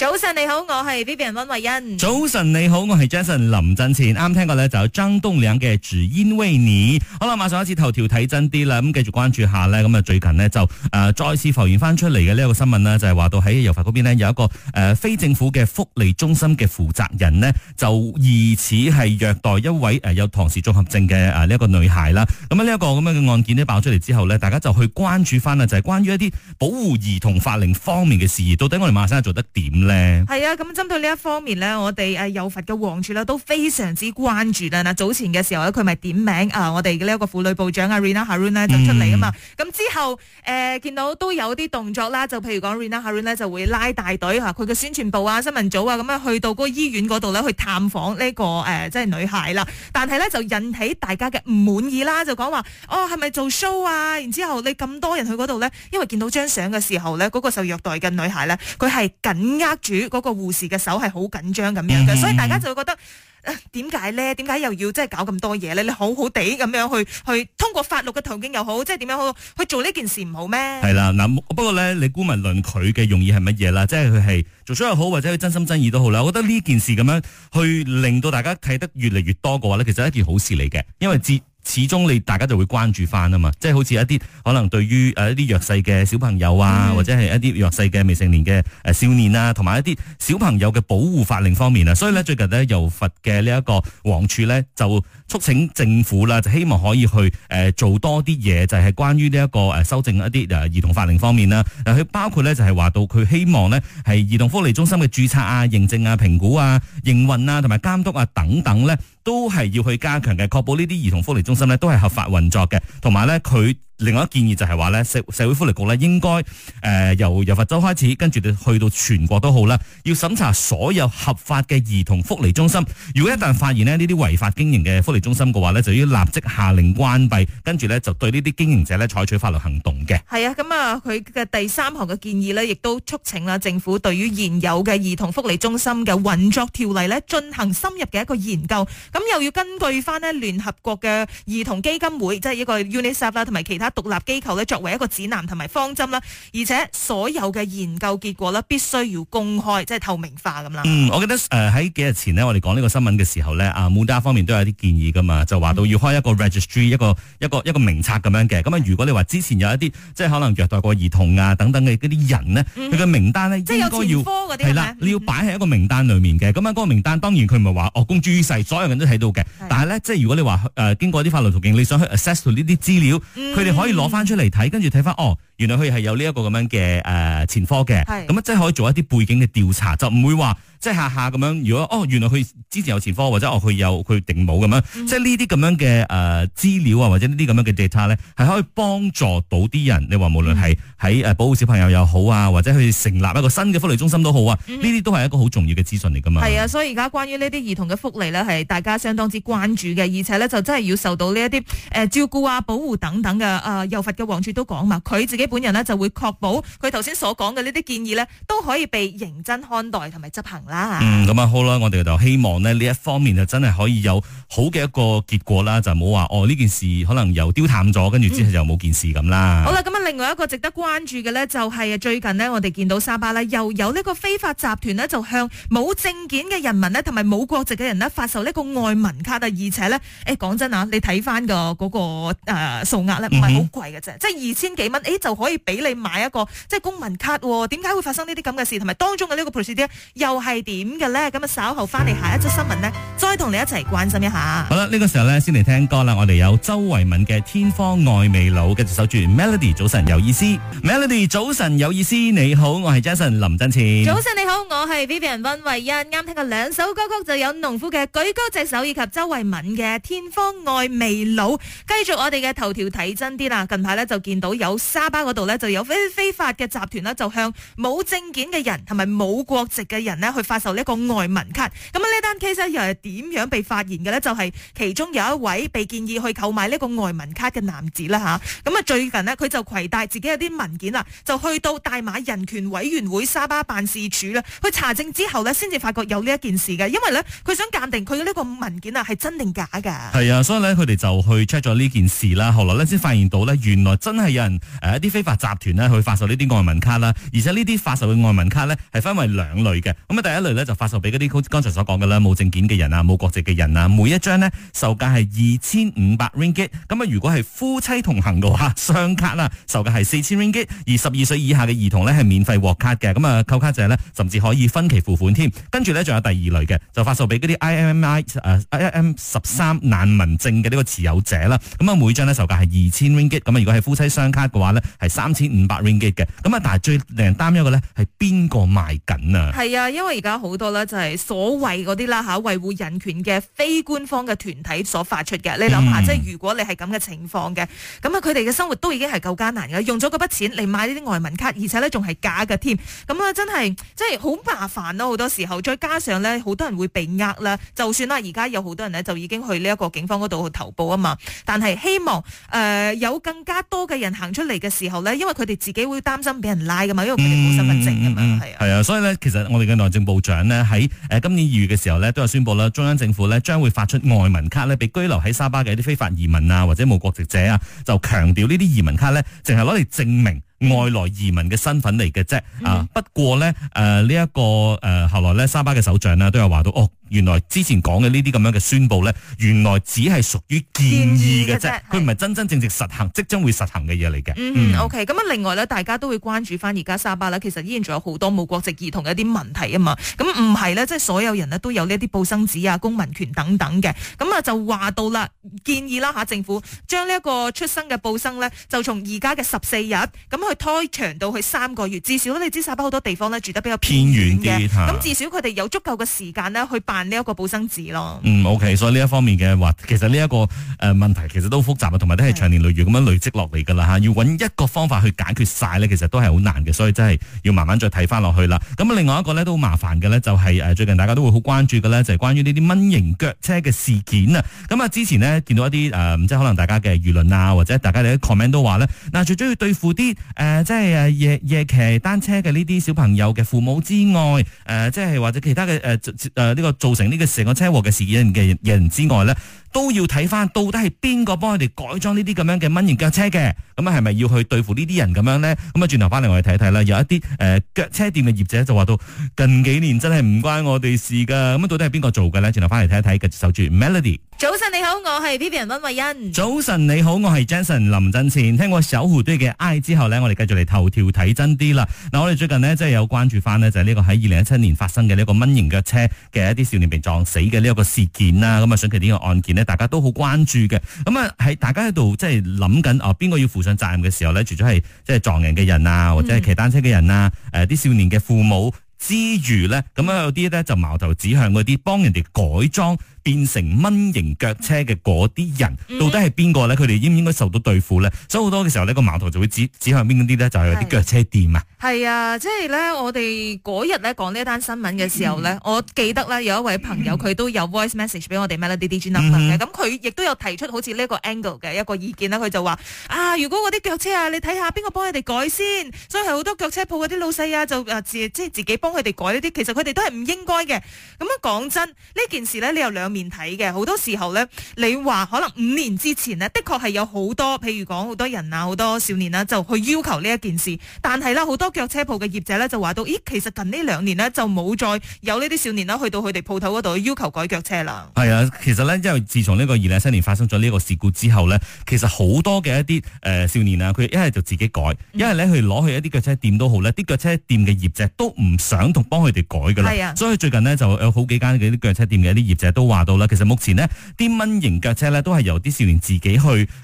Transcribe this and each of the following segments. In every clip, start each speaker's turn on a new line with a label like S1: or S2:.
S1: 早晨你好，我係 Vivian 溫慧欣。早晨你好，我係 Jason 林振前。啱聽過咧，就有張東嶺嘅只因為你。好啦，馬上開始頭條睇真啲啦，咁繼續關注下咧。咁啊最近咧就誒、呃、再次浮現翻出嚟嘅，呢一個新聞咧就係話到喺油麻嗰邊咧有一個誒、呃、非政府嘅福利中心嘅負責人咧就疑似係虐待一位誒有唐氏綜合症嘅誒呢一個女孩啦。咁啊呢一個咁樣嘅案件咧爆出嚟之後咧，大家就去關注翻啦，就係關於一啲保護兒童法令方面嘅事宜，到底我哋馬生做得點咧？係
S2: 啊，咁針對呢一方面咧，我哋誒柔佛嘅王儲咧都非常之關注啦。嗱，早前嘅時候咧，佢咪點名啊，我哋嘅呢一個婦女部長啊，Rina Harun 呢就出嚟啊嘛。咁、嗯、之後誒見、呃、到都有啲動作啦，就譬如講 Rina Harun 呢咧就會拉大隊吓，佢嘅宣傳部啊、新聞組啊咁樣去到個醫院嗰度咧去探訪呢、這個誒即係女孩啦。但係咧就引起大家嘅唔滿意啦，就講話哦係咪做 show 啊？然後之後你咁多人去嗰度咧，因為見到張相嘅時候咧，嗰、那個受虐待嘅女孩咧，佢係緊握。主嗰個護士嘅手係好緊張咁樣嘅，所以大家就會覺得誒，點解咧？點解又要即係搞咁多嘢咧？你好好地咁樣去去通過法律嘅途徑又好，即係點樣去去做呢件事唔好咩？係
S1: 啦，嗱，不過咧，你姑勿論佢嘅用意係乜嘢啦？即係佢係做出又好，或者佢真心真意都好啦。我覺得呢件事咁樣去令到大家睇得越嚟越多嘅話咧，其實係一件好事嚟嘅，因為接。始終你大家就會關注翻啊嘛，即係好似一啲可能對於誒一啲弱勢嘅小朋友啊，嗯、或者係一啲弱勢嘅未成年嘅誒少年啊，同埋一啲小朋友嘅保護法令方面啊，所以咧，最近呢由佛嘅呢一個王處咧就促請政府啦，就希望可以去誒做多啲嘢，就係、是、關於呢一個誒修正一啲誒兒童法令方面啦。佢包括咧就係話到佢希望呢係兒童福利中心嘅注冊啊、認證啊、評估啊、營運啊、同埋監督啊等等咧、啊。都係要去加強嘅，確保呢啲兒童福利中心咧都係合法運作嘅，同埋咧佢。另外一個建議就係話呢，社社會福利局咧應該誒由由佛州開始，跟住去到全國都好啦，要審查所有合法嘅兒童福利中心。如果一旦發現呢呢啲違法經營嘅福利中心嘅話呢，就要立即下令關閉，跟住呢，就對呢啲經營者咧採取法律行動嘅。
S2: 係啊，咁啊，佢嘅第三項嘅建議呢，亦都促請啦政府對於現有嘅兒童福利中心嘅運作條例呢進行深入嘅一個研究。咁又要根據翻呢聯合國嘅兒童基金會，即係一個 UNICEF 啦，同埋其他。獨立機構咧作為一個指南同埋方針啦，而且所有嘅研究結果咧必須要公開，即係透明化咁
S1: 啦。嗯，我記得誒喺、呃、幾日前呢，我哋講呢個新聞嘅時候咧，啊每方面都有啲建議噶嘛，就話到要開一個 registry、嗯、一個一個一個名冊咁樣嘅。咁、嗯、啊，如果你話之前有一啲即係可能虐待過兒童啊等等嘅啲人咧，佢、嗯、嘅名單呢即係有前科嗰啲係啦，你要擺喺一個名單裏面嘅。咁、嗯嗰個名單當然佢唔係話哦公諸於世，所有人都睇到嘅、嗯。但係咧，即係如果你話誒、呃、經過啲法律途徑，你想去 access 到呢啲資料，佢哋。可以攞翻出嚟睇，跟住睇翻哦。原來佢係有呢一個咁樣嘅誒前科嘅，咁即係可以做一啲背景嘅調查，就唔會話即係下下咁樣。如果哦原來佢之前有前科，或者哦佢有佢定冇咁樣，嗯、即係呢啲咁樣嘅誒資料啊，或者呢啲咁樣嘅 data 咧，係可以幫助到啲人。你話無論係喺誒保護小朋友又好啊，或者去成立一個新嘅福利中心也好、嗯、這些都好啊，呢啲都係一個好重要嘅資訊嚟㗎嘛。係
S2: 啊，所以而家關於呢啲兒童嘅福利咧，係大家相當之關注嘅，而且咧就真係要受到呢一啲誒照顧啊、保護等等嘅。誒、呃，幼發嘅黃處都講嘛，佢自己。本人呢，就會確保佢頭先所講嘅呢啲建議呢，都可以被認真看待同埋執行啦。
S1: 咁、嗯、啊好啦，我哋就希望咧呢一方面就真係可以有好嘅一個結果啦，就冇話哦呢件事可能又丟淡咗，跟住之後又冇件事咁啦。嗯、好
S2: 啦，咁啊另外一個值得關注嘅呢，就係最近呢，我哋見到沙巴啦又有呢個非法集團呢，就向冇證件嘅人民呢，同埋冇國籍嘅人呢，發售呢個外文卡啊，而且呢，誒、欸、講真啊，你睇返、個嗰、個誒、呃、數額呢唔係好貴嘅啫、嗯，即係二千幾蚊，誒、欸、就。可以俾你買一個即係公民卡，點解會發生呢啲咁嘅事？同埋當中嘅呢個陪事啲又係點嘅咧？咁啊稍後翻嚟下一則新聞咧，再同你一齊關心一下。
S1: 好啦，呢個時候咧先嚟聽歌啦，我哋有周慧敏嘅《天荒愛未老》，跟住守住 Melody 早晨有意思，Melody 早晨有意思。你好，我係 Jason 林振慈。早
S2: 晨你好，我係 Vivian 溫慧欣。啱聽過兩首歌曲就有農夫嘅舉高隻手，以及周慧敏嘅《天荒愛未老》。繼續我哋嘅頭條睇真啲啦，近排咧就見到有沙巴。嗰度呢，就有非非法嘅集團呢，就向冇證件嘅人同埋冇國籍嘅人呢去發售呢個外文卡。咁啊，呢單 case 又係點樣被發現嘅呢？就係其中有一位被建議去購買呢個外文卡嘅男子啦吓。咁啊，最近呢，佢就攜帶自己有啲文件啊，就去到大馬人權委員會沙巴辦事處呢去查證之後呢，先至發覺有呢一件事嘅。因為呢，佢想鑑定佢嘅呢個文件啊係真定假噶。
S1: 係啊，所以呢，佢哋就去 check 咗呢件事啦。後來呢，先發現到呢，原來真係有人誒一啲。非法集團咧去發售呢啲外文卡啦，而且呢啲發售嘅外文卡呢，係分為兩類嘅。咁啊，第一類呢，就發售俾嗰啲剛才所講嘅啦，冇證件嘅人啊，冇國籍嘅人啊，每一張呢，售價係二千五百 ringgit。咁啊，如果係夫妻同行嘅話，雙卡啦售價係四千 ringgit。而十二歲以下嘅兒童呢，係免費獲卡嘅。咁啊，購卡者呢，甚至可以分期付款添。跟住呢，仲有第二類嘅，就發售俾嗰啲 IMI 誒 IM 十三難民證嘅呢個持有者啦。咁啊，每張呢，售價係二千 ringgit。咁啊，如果係夫妻雙卡嘅話呢，係三千五百 ringgit 嘅，咁啊，但係最令人擔憂嘅咧，係邊個賣緊啊？係
S2: 啊，因為而家好多咧，就係所謂嗰啲啦吓，維護人權嘅非官方嘅團體所發出嘅。你諗下，即係如果你係咁嘅情況嘅，咁啊，佢哋嘅生活都已經係夠艱難噶，用咗嗰筆錢嚟買呢啲外文卡，而且咧仲係假嘅添。咁啊，真係即係好麻煩咯，好多時候，再加上咧，好多人會被呃啦。就算啦，而家有好多人呢，就已經去呢一個警方嗰度去投報啊嘛。但係希望誒、呃、有更加多嘅人行出嚟嘅時候，後咧，因為佢哋自己會擔心俾人拉
S1: 噶嘛，因為佢哋冇身份證噶嘛，係、嗯、啊，係、嗯、啊，所以咧，其實我哋嘅內政部長咧喺誒今年二月嘅時候咧，都有宣布啦，中央政府咧將會發出外文卡咧，俾居留喺沙巴嘅一啲非法移民啊，或者冇國籍者啊，就強調呢啲移民卡咧，淨係攞嚟證明外來移民嘅身份嚟嘅啫啊。不過咧誒呢一個誒、呃、後來咧沙巴嘅首相呢，都有話到哦。原來之前講嘅呢啲咁樣嘅宣佈咧，原來只係屬於建議嘅啫，佢唔係真真正正實行、即將會實行嘅嘢嚟嘅。嗯，OK。
S2: 咁啊，另外咧，大家都會關注翻而家沙巴啦。其實依然仲有好多冇國籍兒童嘅一啲問題啊嘛。咁唔係咧，即係所有人呢都有呢啲報生紙啊、公民權等等嘅。咁啊就話到啦，建議啦吓政府將呢一個出生嘅報生咧，就從而家嘅十四日咁去拖長到去三個月，至少你知沙巴好多地方咧住得比較偏遠嘅，咁、嗯、至少佢哋有足夠嘅時間咧去辦。呢、這、
S1: 一個保生紙咯，嗯，OK，所以呢一方面嘅話，其實呢、這、一個誒、呃、問題其實都複雜啊，同埋都係長年累月咁樣累積落嚟㗎啦，嚇、啊，要揾一個方法去解決晒咧，其實都係好難嘅，所以真係要慢慢再睇翻落去啦。咁、嗯、另外一個咧都好麻煩嘅咧，就係、是、誒、啊、最近大家都會好關注嘅咧，就係、是、關於呢啲蚊型腳車嘅事件啊。咁、嗯、啊，之前呢，見到一啲誒，唔、呃、知可能大家嘅輿論啊，或者大家啲 comment 都話咧，嗱、啊，除咗要對付啲誒，即係誒夜夜騎單車嘅呢啲小朋友嘅父母之外，誒、呃，即、就、係、是、或者其他嘅誒誒呢個做造成呢個成個車禍嘅事件嘅人之外咧。都要睇翻，到底係邊個幫佢哋改裝呢啲咁樣嘅蚊型腳車嘅？咁啊，係咪要去對付呢啲人咁樣呢？咁啊，轉頭翻嚟我哋睇一睇啦。有一啲誒腳車店嘅業者就話到，近幾年真係唔關我哋事噶。咁到底係邊個做嘅呢？轉頭翻嚟睇一睇。繼續守住 Melody。早晨你好，我係 Vivian 溫慧欣。早晨你好，我係 Jason 林振前。聽過守護隊嘅 I 之後呢，我哋繼續嚟頭條睇真啲啦。嗱，我哋最近呢，真係有關注翻呢，就係呢個喺二零一七年發生嘅呢一個蚊型腳車嘅一啲少年被撞死嘅呢一個事件啦。咁啊，想睇呢嘅案件大家都好關注嘅，咁啊喺大家喺度即係諗緊啊邊個要負上責任嘅時候咧，除咗係即係撞人嘅人啊，或者係騎單車嘅人啊，誒啲少年嘅父母之餘咧，咁、嗯、有啲咧就矛頭指向嗰啲幫人哋改裝。變成蚊型腳車嘅嗰啲人、嗯，到底係邊個咧？佢哋應唔應該受到對付咧？所以好多嘅時候呢、這個矛頭就會指指向邊啲咧，就係啲腳車店啊。
S2: 係啊，即係咧，我哋嗰日咧講呢一單新聞嘅時候咧、嗯，我記得咧有一位朋友佢、嗯、都有 voice message 俾我哋 Melody 嘅，咁佢亦都有提出好似呢個 angle 嘅一個意見啦。佢就話啊，如果嗰啲腳車啊，你睇下邊個幫佢哋改先。所以係好多腳車鋪嗰啲老細啊，就即係自己幫佢哋改呢啲，其實佢哋都係唔應該嘅。咁樣講真呢件事呢，你有兩。面睇嘅好多時候咧，你話可能五年之前咧，的確係有好多，譬如講好多人啊，好多少年啦，就去要求呢一件事。但係啦，好多腳車鋪嘅業者咧，就話到，咦，其實近呢兩年咧，就冇再有呢啲少年啦，去到佢哋鋪頭嗰度要求改腳車啦。
S1: 係啊，其實咧，因為自從呢個二零一七年發生咗呢個事故之後咧，其實好多嘅一啲誒、呃、少年啊，佢一係就自己改，一係咧佢攞去一啲腳車店都好咧，啲腳車店嘅業者都唔想同幫佢哋改噶啦、啊。所以最近咧就有好幾間啲腳車店嘅一啲業者都話。到啦，其實目前呢啲蚊型腳車咧都係由啲少年自己去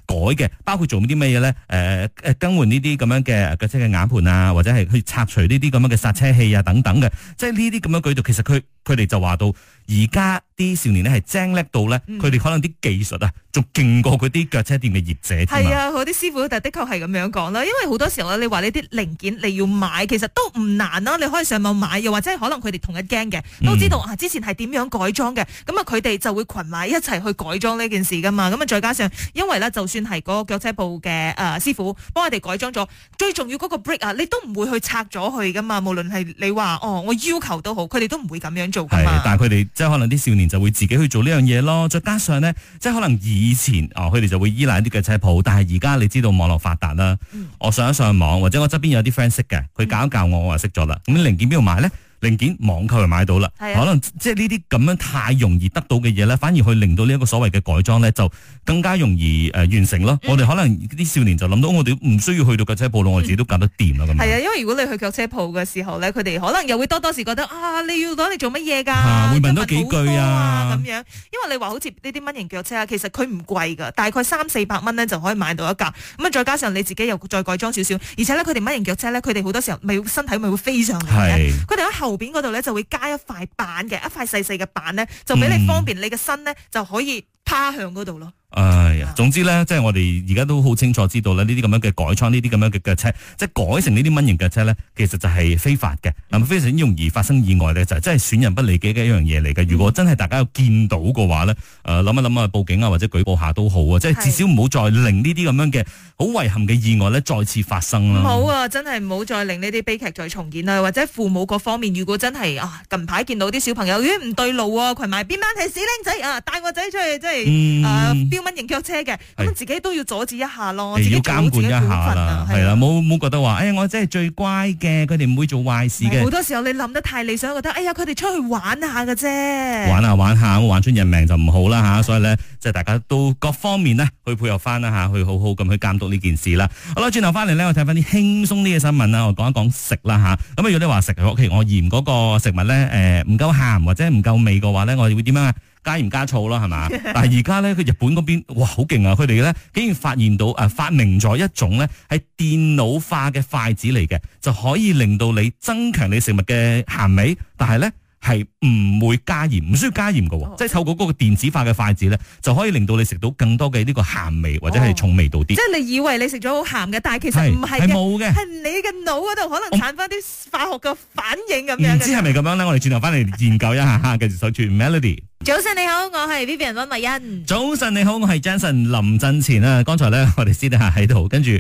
S1: 改嘅，包括做啲咩嘢咧？誒、呃、誒，更換呢啲咁樣嘅腳車嘅眼盤啊，或者係去拆除呢啲咁樣嘅剎車器啊等等嘅，即係呢啲咁樣舉動，其實佢佢哋就話到。而家啲少年呢係精叻到咧，佢哋可能啲技術啊、嗯，仲勁過嗰啲腳車店嘅業者。係啊，
S2: 嗰啲師傅就的確係咁樣講啦。因為好多時候你話呢啲零件你要買，其實都唔難啦。你可以上網買，又或者可能佢哋同一驚嘅，都知道、嗯、啊，之前係點樣改裝嘅。咁啊，佢哋就會群埋一齊去改裝呢件事噶嘛。咁啊，再加上因為咧，就算係嗰個腳車部嘅誒、呃、師傅幫我哋改裝咗，最重要嗰個 break 啊，你都唔會去拆咗佢噶嘛。無論係你話哦，我要求都好，佢哋都唔會咁樣做噶嘛。係，但
S1: 係佢哋。即係可能啲少年就會自己去做呢樣嘢咯，再加上咧，即係可能以前啊佢哋就會依賴啲嘅車鋪，但係而家你知道網絡發達啦，我上一上網，或者我側邊有啲 friend 識嘅，佢教一教我，我就識咗啦。咁、嗯、你零件邊度買咧？零件網購就買到啦，啊，可能即係呢啲咁樣太容易得到嘅嘢咧，反而去令到呢一個所謂嘅改裝咧，就更加容易完成咯，嗯。我哋可能啲少年就諗到，嗯哦，我哋唔需要去到腳車鋪咯，我自己都搞得掂啦咁。
S2: 係，嗯、啊，因為如果你去腳車鋪嘅時候咧，佢哋可能又會多多時覺得啊，你要攞嚟做乜嘢㗎？會問多幾句啊咁、啊、樣。因為你話好似呢啲蚊型腳車啊，其實佢唔貴㗎，大概三四百蚊咧就可以買到一架。咁啊，再加上你自己又再改裝少少，而且呢，佢哋蚊型腳車咧，佢哋好多時候咪身體咪會飛上去。佢哋圖片嗰度咧就會加一塊板嘅，一塊細細嘅板咧就俾你方便，你嘅身咧就可以趴向嗰
S1: 度咯。嗯哎呀，總之咧，即係我哋而家都好清楚知道呢啲咁樣嘅改裝，呢啲咁樣嘅嘅車，即係改成呢啲蚊型嘅車呢，其實就係非法嘅，係、嗯、非常容易發生意外咧？就真係損人不利己嘅一樣嘢嚟嘅。如果真係大家有見到嘅話呢，誒、呃、諗一諗啊，報警啊或者舉報下都好啊，即係至少唔好再令呢啲咁樣嘅好遺憾嘅意外呢再次發生啦。唔好
S2: 啊，真係唔好再令呢啲悲劇再重現啊！或者父母嗰方面，如果真係啊近排見到啲小朋友，咦、呃、唔對路啊，群埋邊班係死僆仔啊，帶個仔出去即係、啊嗯乜人腳車嘅，咁自己都要阻止一下咯，自己監管一下啦，係
S1: 啦，冇冇覺得話，哎我真係最乖嘅，佢哋唔會做壞事嘅。好多
S2: 時候你諗得太理想，我覺得，哎呀，佢哋出去玩一下嘅啫，玩
S1: 下玩一下，嗯，玩出人命就唔好啦吓。所以咧，即係大家都各方面咧去配合翻啦吓，去好好咁去監督呢件事啦。嗯、好啦，轉頭翻嚟咧，我睇翻啲輕鬆啲嘅新聞啦，我講一講食啦吓。咁、啊、如果你話食，譬如我嫌嗰個食物咧，誒、呃，唔夠鹹或者唔夠味嘅話咧，我哋會點樣啊？加鹽加醋咯，係嘛？但係而家咧，佢日本嗰邊哇，好勁啊！佢哋咧竟然發現到，誒、呃，發明咗一種咧係電腦化嘅筷子嚟嘅，就可以令到你增強你食物嘅鹹味。但係咧係唔會加鹽，唔需要加鹽嘅喎。即係透過嗰個電子化嘅筷子咧，就可以令到你食到更多嘅呢個鹹味或者係重味道啲，哦。即
S2: 係你以為你食咗好鹹嘅，但係其實唔係冇嘅，係你嘅腦嗰度可能產生翻啲化學嘅反應咁樣。唔知係咪
S1: 咁樣咧？我哋轉頭翻嚟研究一下吓，繼續守住 Melody。
S2: 早晨你好，我係 Vivian 溫
S1: 麗欣。早晨你好，我係 Jason 林振前啊！剛才咧，我哋先得下喺度，跟住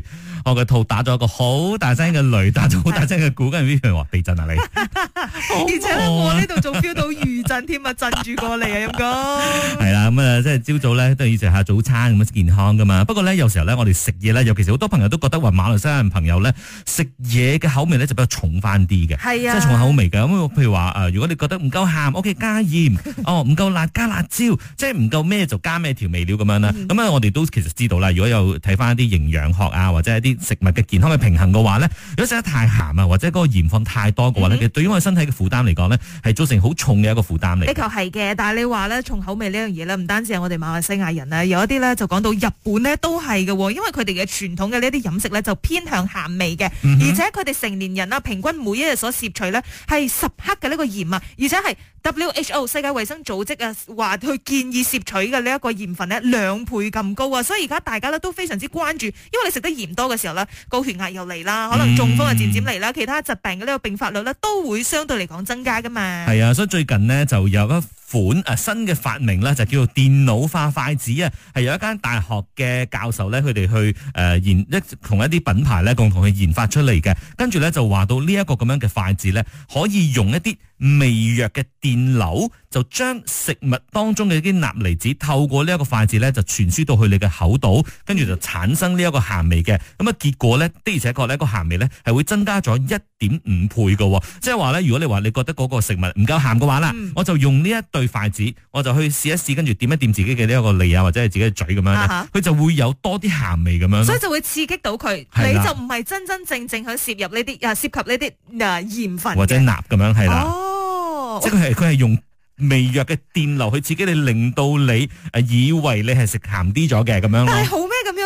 S1: 我個肚打咗個好大聲嘅雷，打咗好大聲嘅鼓，跟住 Vivian 話地震啊你 啊，而且
S2: 我呢度仲飆到餘震添啊，震
S1: 住過嚟啊，有冇？係啦，咁啊，即係朝早咧都要食下早餐咁啊健康噶嘛。不過咧，有時候咧我哋食嘢咧，尤其是好多朋友都覺得話馬來西亞人朋友咧食嘢嘅口味咧就比較重翻啲嘅，係啊，即係重口味嘅。咁譬如話誒，如果你覺得唔夠鹹，屋企加鹽， 哦唔夠。辣加辣椒，即係唔夠咩就加咩調味料咁樣啦。咁、嗯、啊，我哋都其實知道啦。如果有睇翻一啲營養學啊，或者一啲食物嘅健康嘅平衡嘅話呢，如果食得太咸啊，或者嗰個鹽分太多嘅話呢、嗯、對對於我哋身體嘅負擔嚟講呢係造成好重嘅一個負擔嚟。的
S2: 確係嘅，但係你話呢，重口味呢樣嘢呢，唔單止係我哋馬來西亞人啊，有一啲呢就講到日本呢都係嘅，因為佢哋嘅傳統嘅呢啲飲食呢，就偏向咸味嘅、嗯，而且佢哋成年人啊平均每一日所攝取呢，係十克嘅呢個鹽啊，而且係。WHO 世界衛生組織啊，話佢建議攝取嘅呢一個鹽分呢兩倍咁高啊，所以而家大家咧都非常之關注，因為你食得鹽多嘅時候咧，高血壓又嚟啦，可能中風又漸漸嚟啦，其他疾病嘅呢個病發率咧都會相對嚟講增加噶嘛。係
S1: 啊，所以最近呢就有一。款啊新嘅發明咧就叫做電腦化筷子啊，係由一間大學嘅教授咧佢哋去誒研、呃、一同一啲品牌咧共同去研發出嚟嘅。跟住咧就話到呢一個咁樣嘅筷子咧，可以用一啲微弱嘅電流，就將食物當中嘅啲鈉離子透過呢一個筷子咧就傳輸到去你嘅口度，跟住就產生呢一個鹹味嘅。咁啊結果咧的而且確呢個鹹味咧係會增加咗一點五倍嘅，即係話咧如果你話你覺得嗰個食物唔夠鹹嘅話啦、嗯，我就用呢一對筷子，我就去試一試，跟住掂一掂自己嘅呢一個脷啊，或者係自己嘅嘴咁樣，佢、uh -huh. 就會有多啲鹹味咁樣，所以就
S2: 會刺激到佢，你就唔係真真正正去攝入呢啲啊，涉及呢啲啊鹽分或者鈉
S1: 咁樣係啦，哦，oh. 即係佢係佢係用微弱嘅電流去刺激你，令到你誒以為你係食鹹啲咗嘅咁樣。但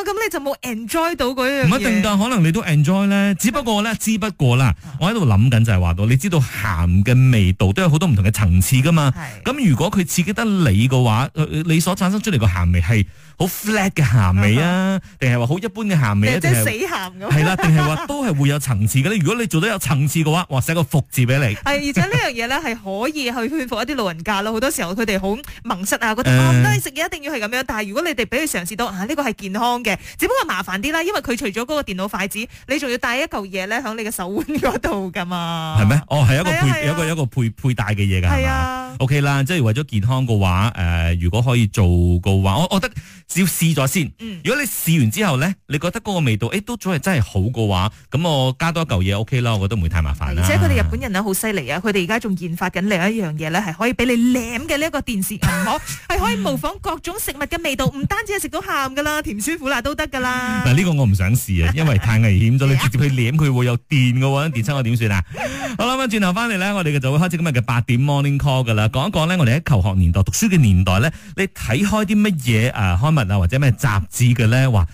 S2: 咁、哦、你就冇 enjoy 到佢，樣唔一定噶可
S1: 能你都 enjoy 咧，只不過咧，只不過啦，我喺度諗緊就係話到，你知道鹹嘅味道都有好多唔同嘅層次噶嘛。咁如果佢刺激得你嘅話，你所產生出嚟個鹹味係好 flat 嘅鹹味啊，定係話好一般嘅鹹味，啊，即係死鹹咁。係啦，定係話都係會有層次嘅咧？ 如果你做得有層次嘅話，哇，寫個服字俾你。
S2: 而且呢樣嘢咧係可以去勸服一啲老人家啦。好多時候佢哋好盲塞啊，覺得食嘢一定要係咁樣。但係如果你哋俾佢嘗試到啊，呢個係健康嘅。只不過麻煩啲啦，因為佢除咗嗰個電腦筷子，你仲要帶一嚿嘢咧響你嘅手腕嗰度噶嘛？
S1: 係咩？哦，係一個配，是啊是啊、一個一個配配戴嘅嘢噶係咪？O K 啦，即係為咗健康嘅話，誒、呃，如果可以做嘅話，我我、嗯欸做的話我 okay，我覺得要試咗先。如果你試完之後咧，你覺得嗰個味道，誒，都真係真係好嘅話，咁我加多一嚿嘢 O K 啦，我覺得唔會太麻煩啦。而且佢哋
S2: 日本人好犀利啊，佢哋而家仲研發緊另外一樣嘢係可以俾你舐嘅呢一個電視屏幕，係 可以模仿各種食物嘅味道，唔 單止係食到鹹噶啦，甜舒服、酸、苦、辣都得噶啦。
S1: 嗱，呢個我唔想試啊，因為太危險咗， 你直接去舐佢會有電嘅喎，電親我點算啊？ 好啦，咁轉頭翻嚟咧，我哋就會開始今日嘅八點 Morning Call 噶啦。講一講咧，我哋喺求學年代、讀書嘅年代咧，你睇開啲乜嘢誒刊物啊，或者咩雜誌嘅咧？哇！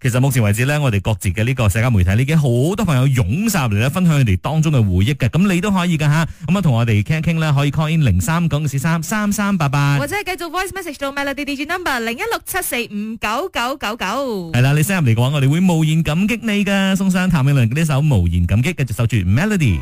S1: 其實目前為止咧，我哋各自嘅呢個社交媒體，已經好多朋友湧集嚟咧，分享你哋當中嘅回憶嘅。咁你都可以噶吓，咁啊同我哋傾一傾啦，可以 call in 零三九四三三三八八，或者
S2: 係繼續 voice message 到 Melody Digital Number 零一六七四五九
S1: 九九九。係啦，你聲入嚟嘅話，我哋會無言感激你噶。送上譚詠麟呢首《無言感激》，繼續守住 Melody。